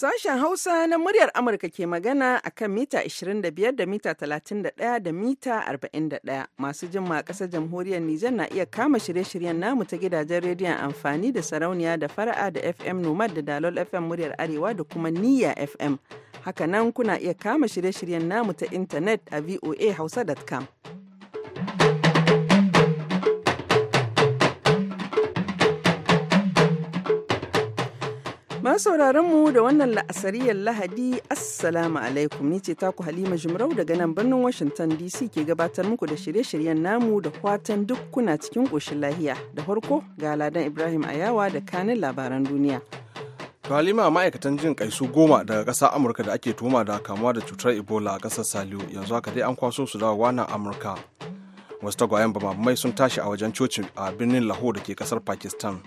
Sashen Hausa na muryar Amurka ke magana a kan mita 25 da mita 31 da mita 41. Masu jin ma ƙasar jamhuriyar Nijar na iya kama shirye-shiryen namu ta gidajen rediyon amfani da sarauniya da fara'a da FM Nomad da Dalol FM muryar Arewa da kuma Niyya FM. Hakanan kuna iya kama shirye-shiryen namu ta intanet a voahausa.com. sauraron mu da wannan la'asariyar lahadi assalamu alaikum ni ce taku halima jimarau daga nan birnin washington dc ke gabatar muku da shirye-shiryen namu da fatan duk kuna cikin ƙoshin lahiya da farko ga ladan ibrahim ayawa da kanin labaran duniya to halima ma'aikatan jin kaisu goma daga ƙasar amurka da ake tuma da kamuwa da cutar ebola a ƙasar saliu yanzu haka dai an kwaso su da wannan amurka wasu tagwayen bamamai sun tashi a wajen cocin a birnin lahore da ke ƙasar pakistan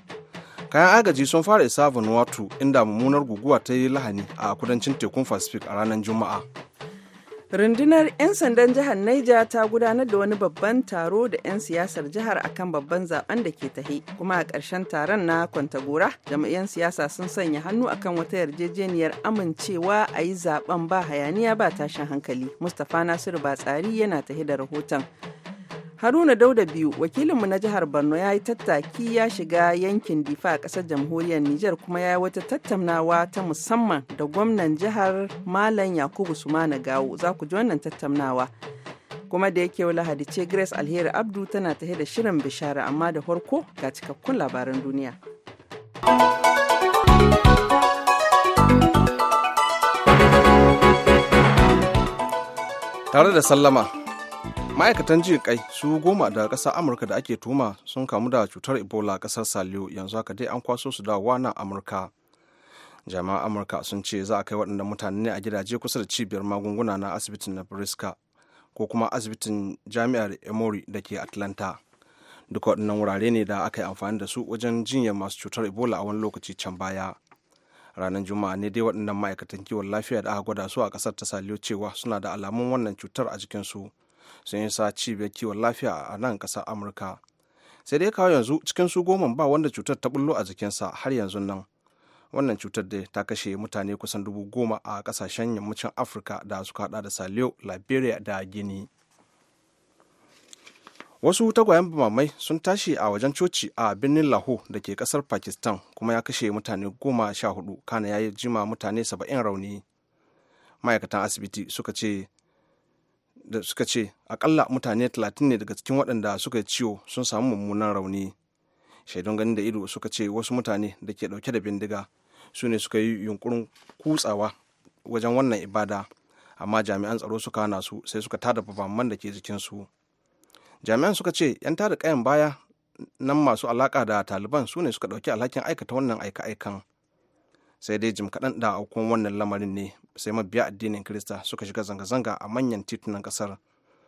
kayan agaji sun fara isa vanuatu inda mummunar guguwa ta yi lahani a kudancin tekun pacific a ranar juma'a rundunar 'yan sandan jihar naija ta gudanar da wani babban taro da 'yan siyasar jihar akan babban zaben da ke tahe kuma a ƙarshen taron na kwantagora jami'an siyasa sun sanya hannu akan wata yarjejeniyar amincewa a yi zaben ba hayaniya ba tashin hankali mustapha nasiru ba tsari yana tahe da rahoton Haruna Dauda biyu wakilinmu na jihar Borno ya yi tattaki ya shiga yankin Difa a ƙasar jamhuriyar Nijar kuma ya yi wata tattaunawa ta musamman da gwamnan jihar Malam Yakubu Sumana Gawo za ku ji wannan tattaunawa. Kuma da yake Lahadi ce Grace Alheri Abdu tana ta da shirin bishara amma da farko ga cikakkun labaran duniya. Tare da sallama ma'aikatan jin kai su goma daga ƙasar amurka da ake tuma sun kamu da cutar ebola ƙasar saliyo yanzu haka dai an kwaso su dawowa nan amurka jami'an amurka sun ce za a kai waɗanda mutane ne a gidaje kusa da cibiyar magunguna na asibitin na briska ko kuma asibitin jami'ar emory da ke atlanta duk waɗannan wurare ne da aka yi amfani da su wajen jinyar masu cutar ebola a wani lokaci can baya ranar juma'a ne dai waɗannan ma'aikatan kiwon lafiya da aka gwada su a ƙasar ta saliyo cewa suna da alamun wannan cutar a jikinsu sun yi sa cibiyar kiwon lafiya a nan ƙasar amurka sai dai kawo yanzu cikin su goman ba wanda cutar ta bullo a jikinsa har yanzu nan wannan cutar da ta kashe mutane kusan dubu goma a kasashen yammacin afirka da suka hada da salio liberia da gini wasu tagwayen bamamai sun tashi a wajen coci a birnin laho da ke kasar pakistan kuma ya kashe mutane goma sha hudu kana ya yi jima mutane saba'in rauni ma'aikatan asibiti suka ce da suka ce akalla mutane 30 ne daga cikin waɗanda suka yi ciwo sun samu mummunan rauni shaidun ganin da ido suka ce wasu mutane da ke ɗauke da bindiga su ne suka yi yunkurin kutsawa wajen wannan ibada amma jami'an tsaro suka hana su sai suka tada babban da ke jikinsu jami'an suka ce 'yan tada kayan baya nan masu alaka da taliban su ne suka ɗauki alhakin aikata wannan aika-aikan sai dai jim kaɗan da aukuwan wannan lamarin ne sai mabiya addinin kirista suka shiga zanga-zanga a manyan titunan kasar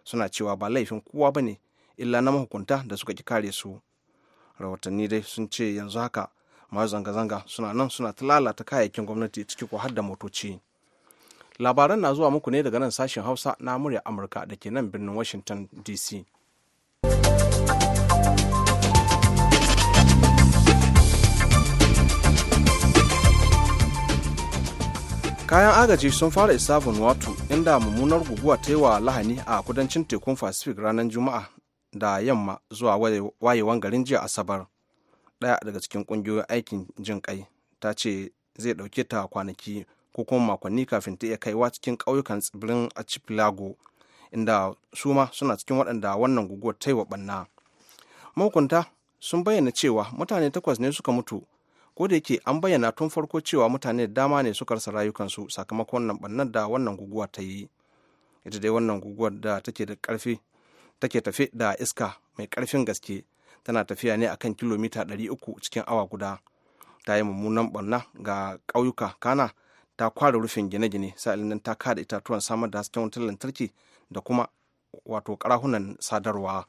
suna cewa ba laifin kowa ba ne illa na mahukunta da suka ki kare su rahotanni dai sun ce yanzu haka masu zanga-zanga suna nan suna ta lalata kayayyakin gwamnati ciki ko har da motoci labaran na zuwa muku ne daga nan sashen hausa na murya amurka da ke nan birnin washington dc kayan agaji sun fara isa vanuatu inda mummunar guguwa ta yi wa lahani a kudancin tekun pacific ranar juma'a da yamma zuwa wayewan garin jiya asabar ɗaya daga cikin ƙungiyoyin aikin jin kai ta ce zai ɗauke ta kwanaki ko kuma makonni kafin ta iya kaiwa cikin kauyukan tsibirin archipelago inda su ma suna cikin waɗanda wannan guguwar ta yi wa ɓanna mahukunta sun bayyana cewa mutane takwas ne suka mutu ko da yake an bayyana tun farko cewa mutane da dama ne suka rasa rayukansu sakamakon wannan bannan da wannan guguwa ta yi ita dai wannan guguwar da take da karfi take tafe da iska mai karfin gaske tana tafiya ne akan kilomita 300 cikin awa guda ta yi mummunan barna ga ƙauyuka kana ta kware rufin gine-gine sa'ilin nan ta kada itatuwan samar da hasken wutar lantarki da kuma wato karahunan sadarwa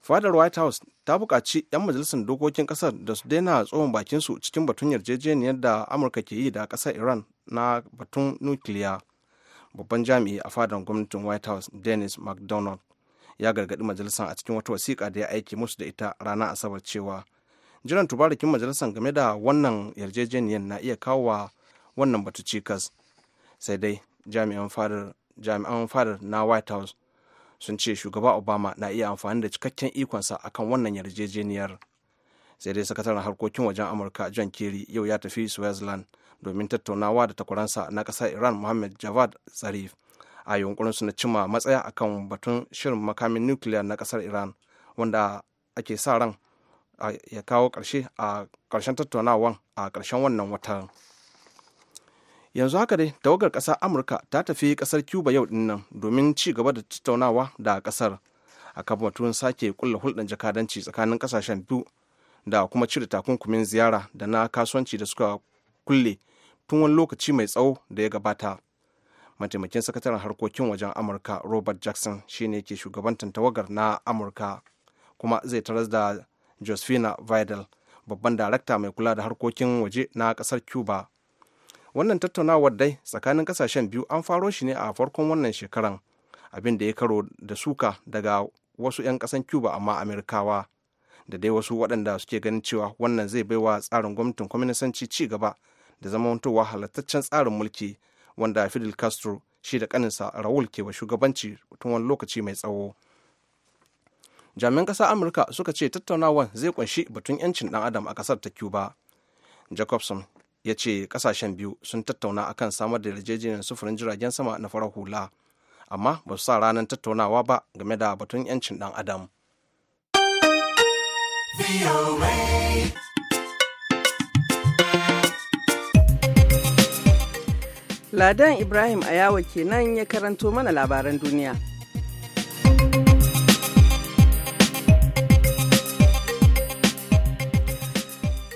fadar white house ta buƙaci 'yan majalisar dokokin ƙasar da su daina tsohon bakin su cikin batun yarjejeniyar da amurka ke yi da ƙasar iran na batun nukiliya babban jami'i a fadar gwamnatin white house dennis mcdonald ya gargaɗi majalisar a cikin wata wasiƙa da ya aiki musu da ita ranar asabar cewa jiran tubarikin majalisar game da wannan yarjejeniyar na iya kawo wa wannan batu cikas sai dai jami'an fadar na white house sun ce shugaba obama na iya amfani da cikakken ikonsa akan wannan yarjejeniyar sai dai sakataren harkokin wajen amurka john kerry yau ya tafi switzerland domin tattaunawa da takwaransa na ƙasar iran mohammed javad zarif a yunkurinsu na cima matsaya akan batun shirin makamin nukiliya na kasar iran wanda ake sa ran ya kawo ƙarshe a ƙarshen tattaunawan a ƙarshen wannan watan. yanzu haka dai tawagar ƙasar amurka ta tafi ƙasar cuba yau din domin ci gaba da tattaunawa da ƙasar a kan batun sake kulla hulɗar jakadanci tsakanin ƙasashen biyu da kuma cire takunkumin ziyara da na kasuwanci da suka kulle tun wani lokaci mai tsawo da ya gabata mataimakin sakataren harkokin wajen amurka robert jackson shine ke shugabantar tawagar na amurka kuma zai taras da josephina vidal babban darakta mai kula da harkokin waje na ƙasar cuba wannan tattaunawar dai tsakanin kasashen biyu an faro shi ne a farkon wannan shekaran abin da ya karo da suka daga wasu 'yan kasan cuba amma amerikawa da dai wasu waɗanda suke ganin cewa wannan zai baiwa tsarin gwamnatin kwaminisanci ci gaba da zama zamantowa halattaccen tsarin mulki wanda fidel castro shi da kaninsa raul ke wa shugabanci tun wani lokaci mai tsawo jami'an ƙasar amurka suka ce tattaunawar zai kunshi batun 'yancin dan adam a kasar ta cuba jacobson ya ce kasashen biyu sun tattauna akan samar da yarjejeniyar sufurin jiragen sama na farar hula amma ba su sa ranar tattaunawa ba game da batun 'yancin dan adam Ladan Ibrahim Ayawa kenan ya karanto mana labaran duniya.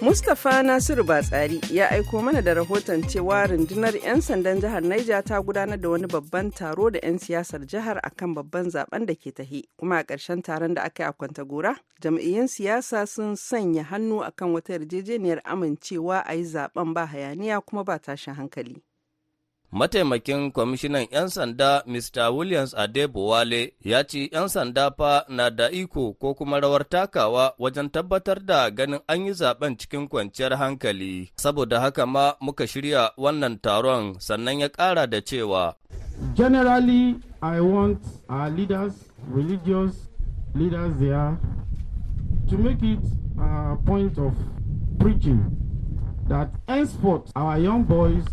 Mustapha Nasiru Batsari ya aiko mana da rahoton cewa rundunar 'yan sandan jihar Niger ta gudanar da wani babban taro da 'yan siyasar jihar a kan babban zaben da ke tahi kuma a ƙarshen taron da aka yi a Kwantagora jam'iyyun siyasa sun sanya hannu akan wata yarjejeniyar amincewa a yi zaben ba hayaniya kuma ba tashin hankali. Mataimakin kwamishinan 'yan sanda Mr. Williams Adebowale ya ce 'yan sanda fa na da iko ko kuma rawar takawa wajen tabbatar da ganin an yi zaben cikin kwanciyar hankali. Saboda haka ma muka shirya wannan taron sannan ya ƙara da cewa. Generally, I want our leaders, religious leaders there, to make it a point of preaching that henceforth our young boys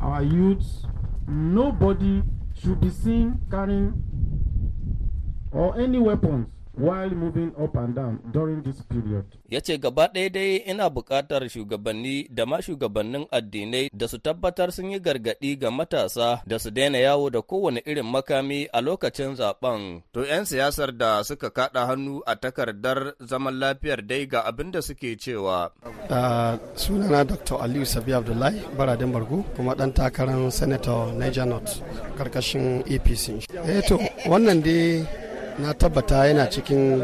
our youths, nobody should be seen carrying or any weapons while moving up and down during this period. Ya ce gaba ɗaya dai ina buƙatar shugabanni da ma shugabannin addinai da su tabbatar sun yi gargaɗi ga matasa da su daina yawo da kowane irin makami a lokacin zaben. To 'yan siyasar da suka kaɗa hannu a takardar zaman lafiyar dai ga abin da suke cewa. Ah, sunana Dr. Aliyu Sabi Abdullahi Baradin Bargu kuma ɗan takarar Senator Niger North karkashin APC. Eh, na tabbata yana cikin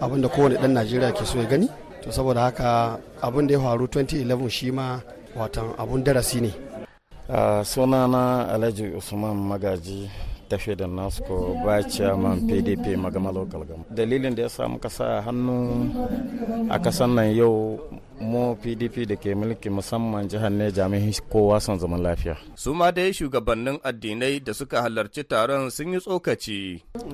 abin da kowane ɗan najeriya ke so ya gani to saboda haka abin da ya faru 2011 shi ma watan abun darasi ne ah, sunana alhaji usman magaji tafe da nasco ba man pdp magama local gama dalilin da ya samu kasa hannu a kasan nan yau mu pdp da ke mulki musamman jihar ne jami'in kowa son zaman lafiya su ma dai shugabannin addinai da suka halarci taron sun yi tsokaci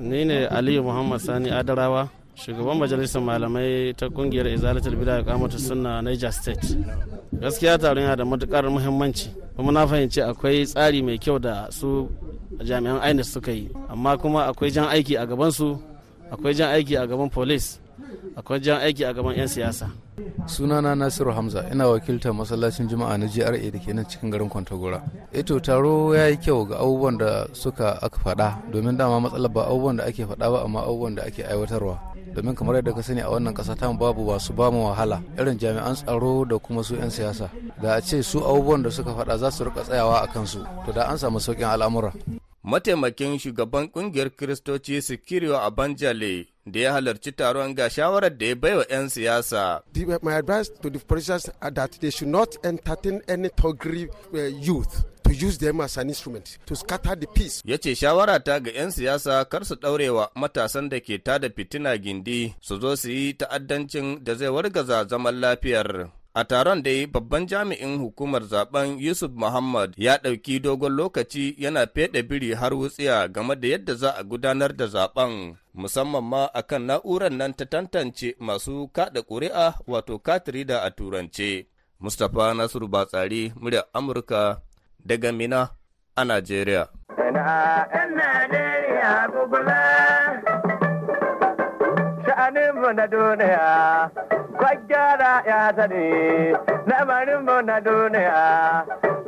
ni ne aliyu muhammad sani adarawa shugaban majalisar malamai ta kungiyar izalatul bida kamata sunna niger state gaskiya taron yana da matukar muhimmanci kuma na fahimci akwai tsari mai kyau da su jami'an ainihin suka yi amma kuma akwai jan aiki a gaban su akwai jan aiki a gaban police akwai jan aiki a gaban 'yan siyasa sunana nasiru hamza ina wakiltar masallacin juma'a na gra da ke nan cikin garin kwantagora eto eh taro ya yi kyau ga abubuwan da suka aka faɗa domin dama matsalar ba abubuwan da ake faɗa ba amma abubuwan da ake aiwatarwa domin kamar yadda ka sani a wannan kasa ta babu wasu ba mu wahala irin jami'an tsaro da kuma su 'yan siyasa da a ce su abubuwan da suka faɗa za su rika tsayawa a kansu to da an samu sauƙin al'amura mataimakin shugaban kungiyar kiristoci sikiriyo a banjale da ya halarci taron ga shawarar da ya bai wa 'yan siyasa. Uh, my advice to the politicians are that they should not entertain any togri uh, youth. to use them as an instrument to scatter the peace. Ya ce shawara ta ga 'yan siyasa kar su ɗaurewa matasan da ke tada fitina gindi su zo su yi ta'addancin da zai wargaza zaman lafiyar. A taron da babban jami'in hukumar zaben Yusuf Muhammad ya ɗauki dogon lokaci yana feɗe biri har wutsiya game da yadda za a gudanar da zaben musamman ma akan na'urar nan ta tantance masu kaɗa ƙuri'a wato da a turance. Mustapha Nasiru Batsari, muryar Amurka daga Mina a Najeriya. na duniya kwaggara ya sani lamarin mu na duniya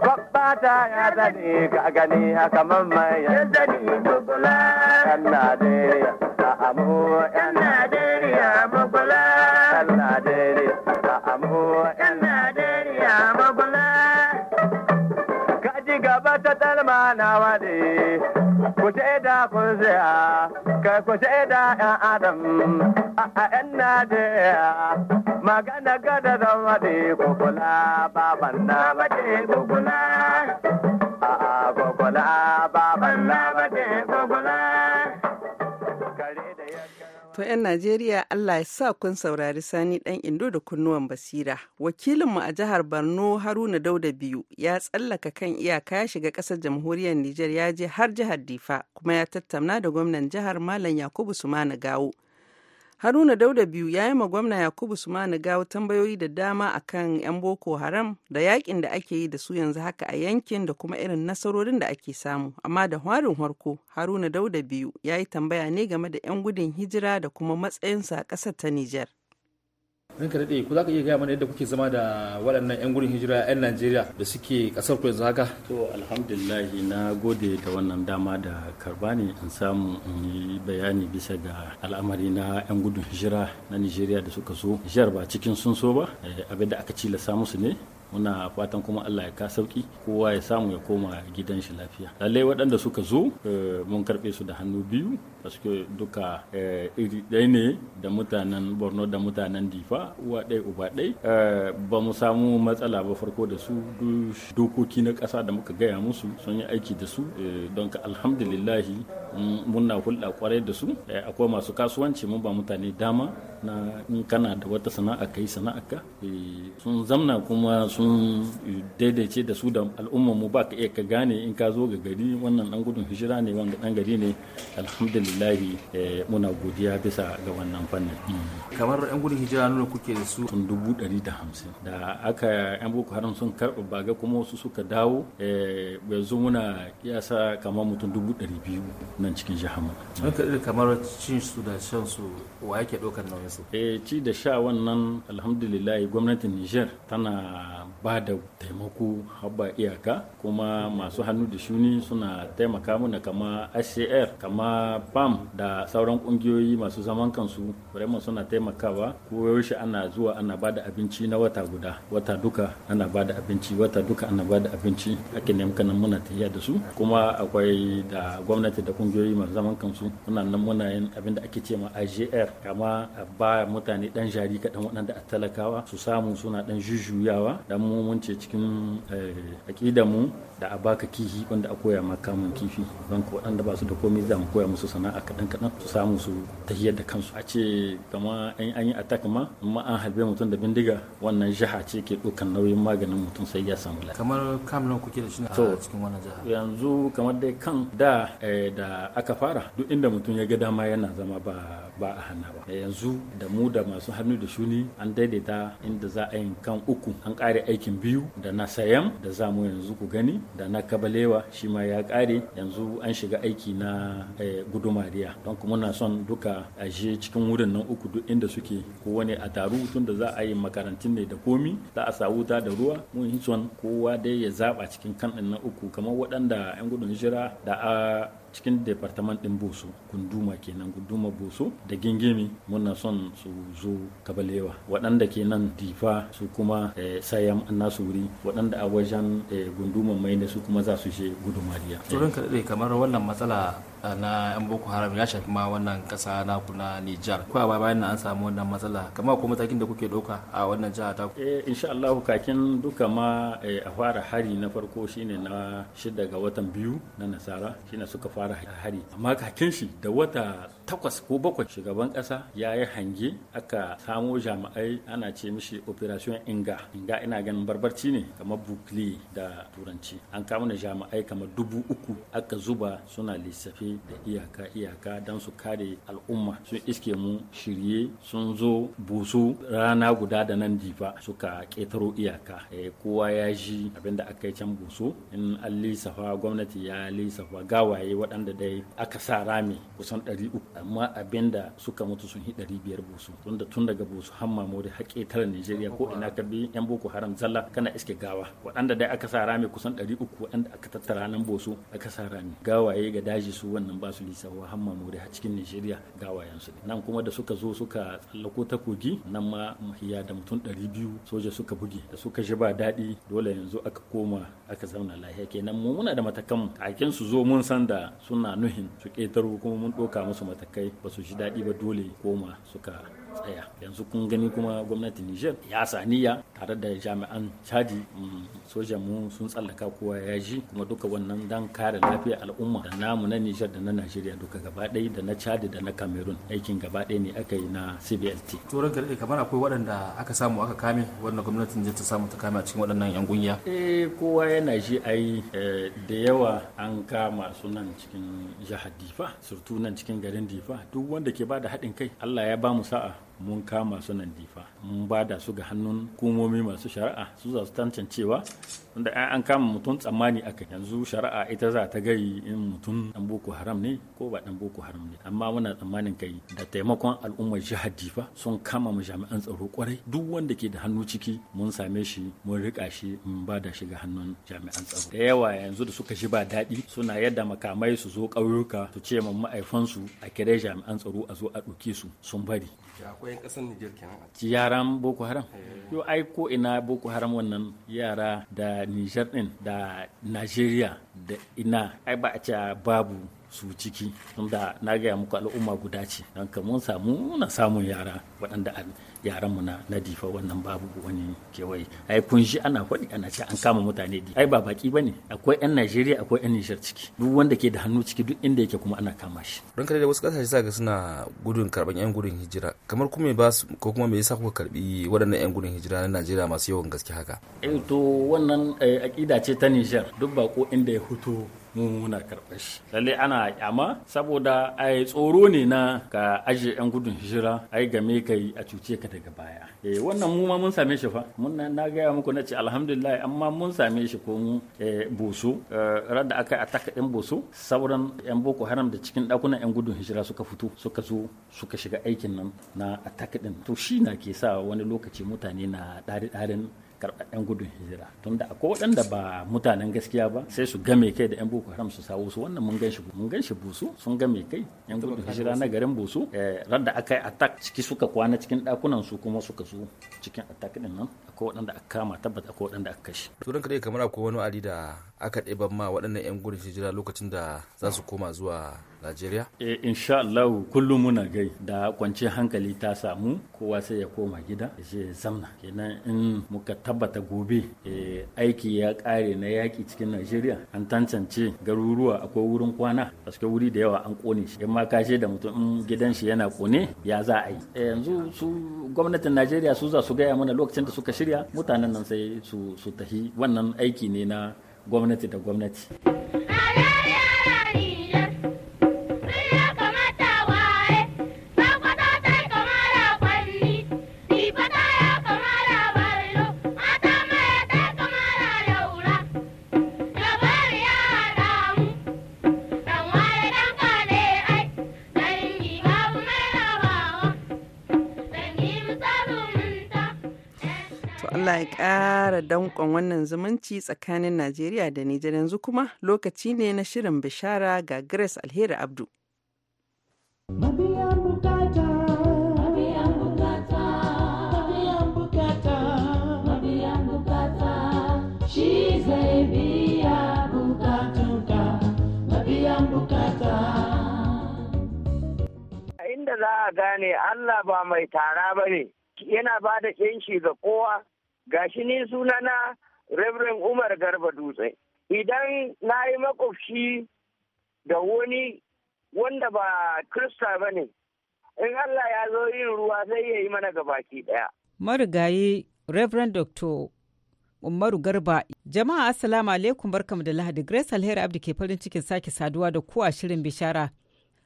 babbata ya sani ga gani haka mamma ya sani dubula yan najeriya ta amu yan najeriya mugula yan najeriya ta amu yan najeriya mugula ka ji gaba ta talma na wade na kunziya kai ku shaida yan adam a yan Najeriya magana gada zama maɗe kula baban na mace ko 'yan Najeriya Allah ya sa kun saurari sani ɗan indo da kunnuwan basira. Wakilinmu a jihar Borno Haruna Dauda biyu ya tsallaka kan iyaka ya shiga ƙasar jamhuriyar Nijar ya je har jihar Difa kuma ya tattauna da gwamnan jihar Malam Yakubu Sumana Gawo. Haruna Dauda biyu ya yi ma gwamna Yakubu ma gawo tambayoyi da dama a kan 'yan Boko Haram da yakin da ake yi da su yanzu haka a yankin da kuma irin nasarorin da ake samu. Amma da harin harko Haruna Dauda biyu ya yi tambaya ne game da 'yan gudun hijira da kuma matsayinsa a ƙasar ta Nijar. ka daɗe ku za ka iya gaya mana yadda kuke zama da waɗannan 'yan gudun hijira 'yan najeriya da suke ƙasar ku yanzu haka to alhamdulillahi na gode da wannan dama da karba ne in samu in yi bayani bisa ga al'amari na 'yan gudun hijira na nijeriya da suka so Hijiyar ba cikin sun so ba eh, abin da aka samu su ne muna fatan kuma Allah ya ka sauki kowa ya samu ya koma gidan shi lafiya lallai waɗanda suka zo eh, mun karɓe su da hannu biyu paske duka eh, iri ɗaya ne da mutanen borno da mutanen difa uwa ɗaya uba ɗaya eh, ba mu samu matsala ba farko da su dokoki na ƙasa da muka gaya musu sun yi aiki da su don ka alhamdulillahi muna hulɗa kwarai da su eh, akwai masu kasuwanci mun ba mutane dama na in kana da wata sana'a kai sana'a ka eh, sun zamna kuma sun daidaice da su da al'umman mu ba ka iya ka gane in ka zo ga gari wannan dan gudun hijira ne wanda dan gari ne alhamdulillah eh, muna godiya bisa ga wannan fannin mm. kamar yan gudun hijira nuna kuke da su tun dubu dari da hamsin da aka yan boko haram sun karɓa baga kuma wasu suka dawo yanzu muna sa kamar mutum dubu dari biyu nan cikin jihar mu kamar cin su da shan su wa yake ɗaukar nauyin su eh ci da sha wannan alhamdulillah gwamnatin Niger tana ba da taimako haba iyaka kuma masu hannu da shuni suna taimaka mana kama HCR kama PAM da sauran ƙungiyoyi masu zaman kansu vraiment suna taimakawa ko yaushe ana zuwa ana ba da abinci na wata guda wata duka ana ba da abinci wata duka ana ba da abinci ake nemka nan muna tafiya da su kuma akwai da gwamnati da ƙungiyoyi masu zaman kansu muna nan muna yin abin da ake ce ma AJR kama ba mutane dan jari kaɗan waɗanda a talakawa su samu suna dan jujuyawa dan mu mun ce cikin eh, aƙidar mu da a baka kihi wanda a koya ma kamun kifi don ko waɗanda ba su da komai za mu koya musu sana'a kaɗan kaɗan su samu su tahiyar da kansu a ce kama an yi attack ma amma an halbe mutum da bindiga wannan jiha ce ke ɗaukan nauyin maganin mutum sai ya samu lafiya kamar kamun kuke da shi a cikin wannan jiha yanzu kamar dai kan da eh, da aka fara duk inda mutum ya ga dama yana zama ba ba a hana ba eh, yanzu da mu da masu hannu da shuni an daidaita inda za a yi kan uku an kare aikin biyu da na sayan da za mu yanzu ku gani da na kabalewa shi ma ya kare yanzu an shiga aiki na eh, gudumariya don kuma muna son duka a je cikin wurin nan uku duk inda suke ko wani a taru tun da za a yi makarantun ne da komi za a sa wuta da ruwa mun son kowa dai ya zaba cikin kan na uku kamar waɗanda 'yan gudun hijira da a cikin departament din boso gunduma kenan gunduma boso da gingimi muna son su zo kabalewa waɗanda nan difa su kuma eh, sayam nasu wuri waɗanda a wajen eh, gunduman mai su kuma za su je gudumariya. turin kamar wannan matsala na yan boko haram ya shafi ma wannan kasa na kuna Nijar ko ba bayan an samu wannan matsala kamar kuma matakin da kuke dauka a wannan jiha ta eh insha Allah kakin duka ma eh, a fara hari na farko shine na shida ga watan biyu na nasara shine suka fara hari amma kakin shi da wata takwas ko bakwai shugaban kasa ya yi hange aka samo jami'ai ana ce mishi operation inga inga ina ganin barbarci ne kamar bukli da turanci an kama da jami'ai kamar dubu uku aka zuba suna lissafi da iyaka iyaka don su kare al'umma sun iske mu shirye sun zo busu rana guda da nan jifa suka ƙetaro iyaka eh, kowa ya ji abinda aka yi can busu in an lissafa gwamnati ya lissafa gawaye waɗanda dai aka sa rami kusan ɗari uku amma abin da suka mutu sun hi ɗari biyar busu tunda tun daga busu har mamori har ƙetare nigeria ko ina ka bi yan boko haram zalla kana iske gawa waɗanda dai aka sa rami kusan ɗari uku waɗanda aka tattara nan bosu aka sa rami gawaye ga daji su wannan ba su lisawa har mamori har cikin nigeria gawayen su nan kuma da suka zo suka tsallako ta kogi nan ma mahiya da mutum ɗari biyu soja suka buge da suka ji ba daɗi dole yanzu aka koma aka zauna lahiya kenan mu muna da matakan kakin su zo mun san da suna nuhin su ƙetaro kuma mun ɗoka musu matakan kai ba su ji daɗi ba dole koma suka tsaya yanzu kun gani kuma gwamnatin niger ya saniya tare da jami'an chadi mm, sojan mu sun tsallaka kowa ya ji kuma duka wannan dan kare lafiyar al'umma da namu na niger da na nigeria duka gaba ɗaya da na chadi da na cameroon aikin gaba ɗaya ne aka yi na cblt turan gari kamar akwai waɗanda aka samu aka kame wannan gwamnatin niger ta samu ta kame a cikin waɗannan yan gungiya eh kowa yana ji ai eh, da yawa an kama su nan cikin jihar difa surtu nan cikin garin difa duk wanda ke ba da haɗin kai Allah ya ba mu sa'a mun kama su nan difa mun ba da su ga hannun hukumomi masu shari'a su za su tantancewa ai an kama mutum tsammani aka yanzu shari'a ita za ta gai in mutum dan boko haram ne ko ba dan boko haram ne amma muna tsammanin kai da taimakon al'ummar jihar difa sun kama mu jami'an tsaro kwarai duk wanda ke da hannu ciki mun same shi mun rika shi mun ba da shi ga hannun jami'an tsaro da yawa yanzu da suka shi ba daɗi suna yadda makamai su zo ƙauyuka su ce ma ma'aifansu a kire jami'an tsaro a zo a ɗauke su sun bari bayan kasar Nijar kenan yaran Boko Haram yo eh. ai ko ina Boko Haram wannan yara da Nijar din da Najeriya da ina ai ba a ce babu su ciki tunda na gaya muku al'umma guda ce don mun samu na samun yara waɗanda yaranmu na na difa wannan babu wani kewaye ai kun shi ana faɗi ana ce an kama mutane di ai ba baki bane akwai yan Najeriya akwai yan Nijar ciki duk wanda ke da hannu ciki duk inda yake kuma ana kama shi don kare da wasu kasashe saka suna gudun karban yan gudun hijira kamar kuma ba su ko kuma me yasa kuka karbi wadannan yan gudun hijira na Najeriya masu yawan gaske haka eh to wannan eh, akida ce ta Nijar duk bako inda ya fito mu muna karɓar shi lalle ana kyama saboda a tsoro ne na ka aje yan gudun hijira ai game ka yi a cuce ka daga baya eh wannan mu ma mun same shi fa mun na gaya muku na ce alhamdulillah amma mun same shi ko mu eh, boso eh, radda aka ataka yan boso sauran yan boko haram da cikin dakunan yan gudun hijira suka fito suka zo suka shiga aikin nan na ataka din to shi na ke sa wani lokaci mutane na ɗari-ɗarin karɓar 'yan gudun hijira tunda akwai waɗanda ba mutanen gaskiya ba sai su game kai da 'yan boko haram su sawo su wannan mun gan shi mun gan shi busu sun game kai 'yan gudun hijira na garin busu eh, ran da aka yi attack ciki suka kwana cikin ɗakunan su kuma suka su cikin attack din nan akwai waɗanda aka kama tabbata akwai waɗanda aka kashe. turanka dai kamar akwai wani ali da aka d'eba ma waɗannan 'yan gudun hijira lokacin da za su koma zuwa Najeriya? E, insha Allah kullum muna gai da kwanci hankali ta samu kowa sai ya koma gida ya zamna kenan in muka tabbata gobe eh, aiki ya ƙare na yaƙi cikin Najeriya an tantance garuruwa akwai wurin kwana paske wuri da yawa an ƙone shi in ma da mutum in gidan shi yana ƙone ya za a yi eh, yanzu su gwamnatin Najeriya su za su gaya mana lokacin da suka shirya mutanen nan sai su tafi wannan aiki ne na gwamnati da gwamnati. danƙon wannan zumunci tsakanin Najeriya da Nijar yanzu kuma lokaci ne na shirin bishara ga Grace Alheri Abdu. Inda za a gane Allah ba mai tara ba ne, yana ba da ƙinshi ga kowa gashi ni sunana Reverend Umar Garba Dutse. Idan na yi makwabci da wani wanda ba Krista ba ne, in Allah ya zo yin ruwa sai ya yi mana gabaki ɗaya. Marigayi Reverend Dr. Umaru Garba. Jama'a Assalamu alaikum barkamu da Lahadi Grace Alheri Abdi ke farin cikin sake saduwa da ku a shirin bishara.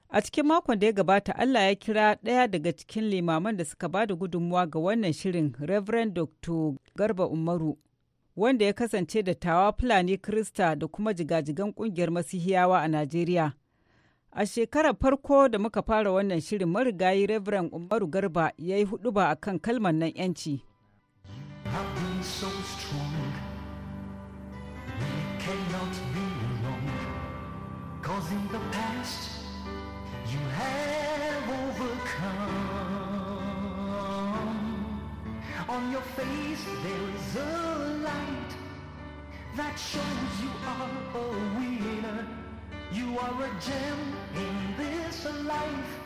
A cikin makon da ya gabata Allah ya kira ɗaya daga cikin limaman da suka ba da gudunmuwa ga wannan shirin Reverend Dr. Garba Umaru, wanda ya kasance da tawa Fulani Krista da kuma jigajigan ƙungiyar Masihiyawa a Najeriya. A shekarar farko da muka fara wannan shirin marigayi Reverend Umaru Garba ya yi huɗuba a kan kalmar nan 'yanci. Cause the past you have overcome. On your face there is a light that shows you are a winner. You are a gem in this life.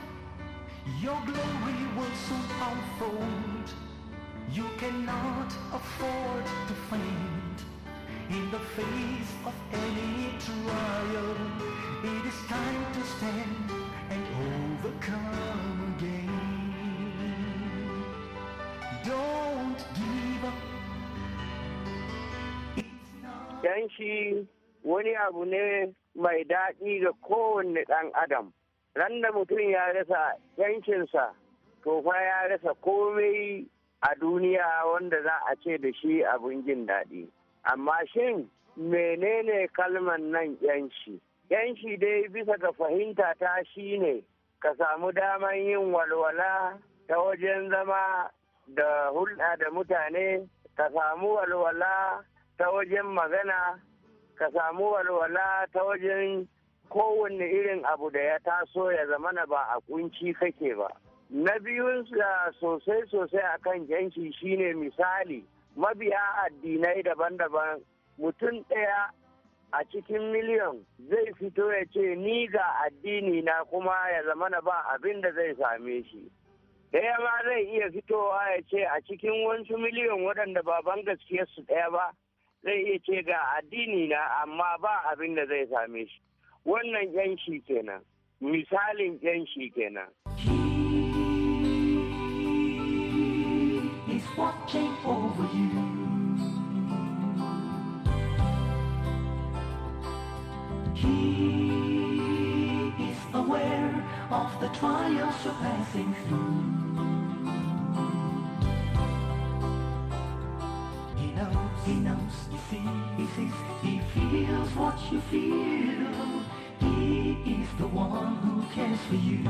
Your glory will soon unfold. You cannot afford to faint in the face of any trial. It is time to stand and wani abu ne mai daɗi ga kowanne ɗan adam. Ran da mutum ya rasa yankinsa, to fa ya rasa komai a duniya wanda za a ce da shi abin jin daɗi. Amma shin menene kalman nan yanci? yanci dai bisa ga fahimta ta shi ne ka samu damar yin walwala ta wajen zama da hulɗa da mutane ka samu walwala ta wajen magana ka samu walwala ta wajen kowanne irin abu da ya taso ya zama na ba a kunci kake ba na biyunsa sosai sosai a akan yanci shine misali mabiya addinai daban-daban mutum ɗaya a cikin miliyon, zai fito ya ce ni ga addini na kuma ya zamana ba abin da zai same shi ɗaya ma zai iya fitowa ya ce a cikin wasu miliyan waɗanda ba ban su ɗaya ba zai iya ce ga addini na amma ba abin da zai same shi wannan yanshi kenan misalin shi kenan Watching over you. He is aware of the trials you're passing through. He knows, he knows, he sees, he sees, he feels what you feel. He is the one who cares for you.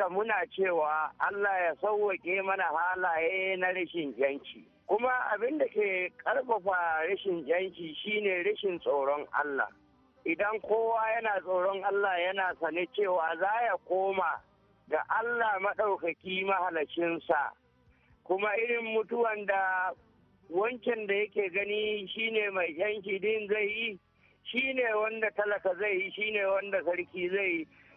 haka muna cewa Allah ya sauwaƙe mana halaye na rashin yanci. Kuma abin da ke karfafa rashin yanci shine rashin tsoron Allah. Idan kowa yana tsoron Allah yana sane cewa za ya koma ga Allah maɗaukaki mahalacinsa. Kuma irin mutuwan da wancan da yake gani shine mai yanci din zai yi, shine wanda talaka zai yi, shine wanda sarki zai yi.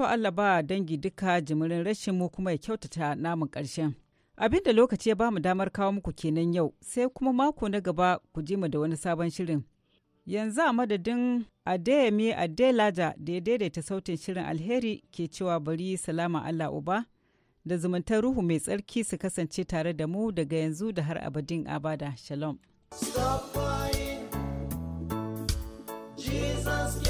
to Allah ba dangi duka jimirin rashin mu kuma ya kyautata namun ƙarshen. Abin da lokaci ya ba mu damar kawo muku kenan yau sai kuma mako na gaba ku ji mu da wani sabon shirin. Yanzu a madadin Adeyemi Adelaja da ya daidaita sautin shirin alheri ke cewa bari salama Allah uba da zumuntar ruhu mai tsarki su kasance tare da mu daga yanzu da har abadin abada. Shalom. Stop Jesus, yeah.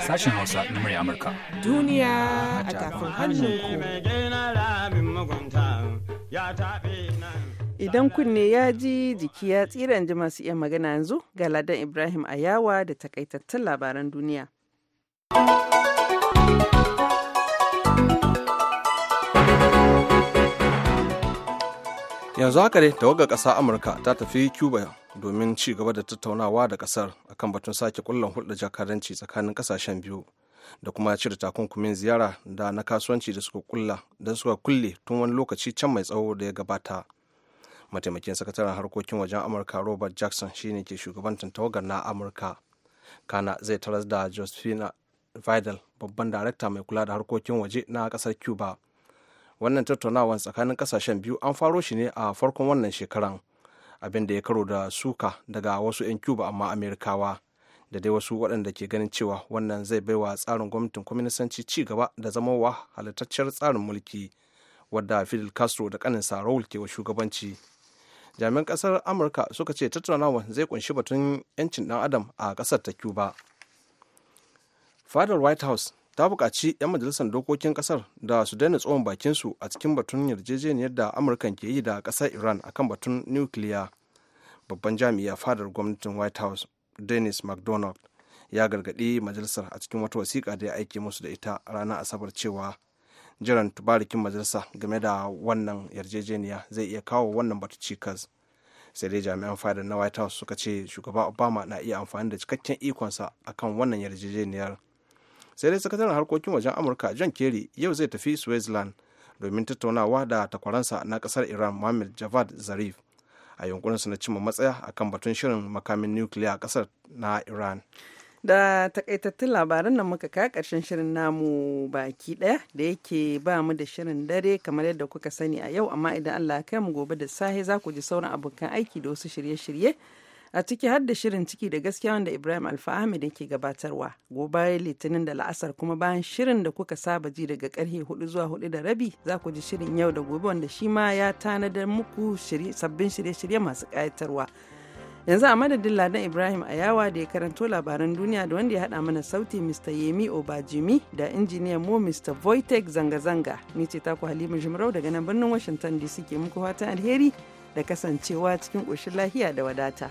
Sashen Hausa na murya Amurka. Duniya a tafin hannun Idan kunne ya ji jiki ya tsira ji masu iya magana yanzu ga Ladan Ibrahim Ayawa da takaitattun labaran duniya. yanzu haka dai tawagar ƙasa amurka ta tafi cuba domin ci gaba da tattaunawa da ƙasar akan batun sake kullum hulɗar jakadanci tsakanin ƙasashen biyu da kuma cire takunkumin ziyara da na kasuwanci da suka kulla da suka kulle tun wani lokaci can mai tsawo da ya gabata mataimakin sakataren harkokin wajen amurka robert jackson shine ke shugabantar tawagar na amurka kana zai taras da josephine vidal babban darakta mai kula da harkokin waje na ƙasar cuba wannan tattaunawar tsakanin kasashen biyu an faro shi ne a farkon wannan shekaran abin da ya karo da suka daga wasu 'yan cuba amma amerikawa da dai wasu waɗanda ke ganin cewa wannan zai baiwa tsarin gwamnatin kwaminisanci ci gaba da zamowa halittacciyar tsarin mulki wadda fidel castro da kaninsa raul ke wa shugabanci jami'an ƙasar amurka suka ce tattaunawar zai kunshi batun 'yancin ɗan adam a ƙasar ta cuba fadar white house ta buƙaci 'yan majalisar dokokin ƙasar da su daina tsohon bakinsu a cikin batun yarjejeniyar da amurka ke yi da ƙasar iran akan batun nukiliya babban jami'a fadar gwamnatin white house dennis mcdonald ya gargaɗi majalisar a cikin wata wasiƙa da ya aike musu da ita ranar asabar cewa jiran tubarikin majalisa game da wannan yarjejeniya zai iya kawo wannan batu cikas sai dai jami'an fadar na white house suka ce shugaba obama na iya amfani da cikakken ikonsa akan wannan yarjejeniyar sai dai sakataren harkokin wajen amurka john kerry yau zai tafi switzerland domin tattaunawa da takwaransa na kasar iran mohammed javad zarif a su na cimma matsaya kan batun shirin makamin nukiliya a kasar na iran da takaitattun labaran nan muka kawo karshen shirin namu baki daya da yake ba mu da shirin dare kamar yadda kuka sani a yau amma idan allah kai mu gobe da sahe za ku ji sauran abokan aiki da wasu shirye-shirye a ciki har da shirin ciki da gaskiya wanda ibrahim alfahami da ke gabatarwa gobe litinin da la'asar kuma bayan shirin da kuka saba ji daga karhe 4 zuwa 4 da rabi za ku ji shirin yau da gobe wanda shi ma ya tanadar muku sabbin shirye-shirye masu kayatarwa yanzu a madadin ladan ibrahim ayawa da ya karanto labaran duniya da wanda ya haɗa mana sauti mr yemi obajimi da injiniyan mu mr voitek zanga-zanga ni ce taku halima jimarau daga nan birnin washington dc ke muku fatan alheri da kasancewa cikin ƙoshin lahiya da wadata.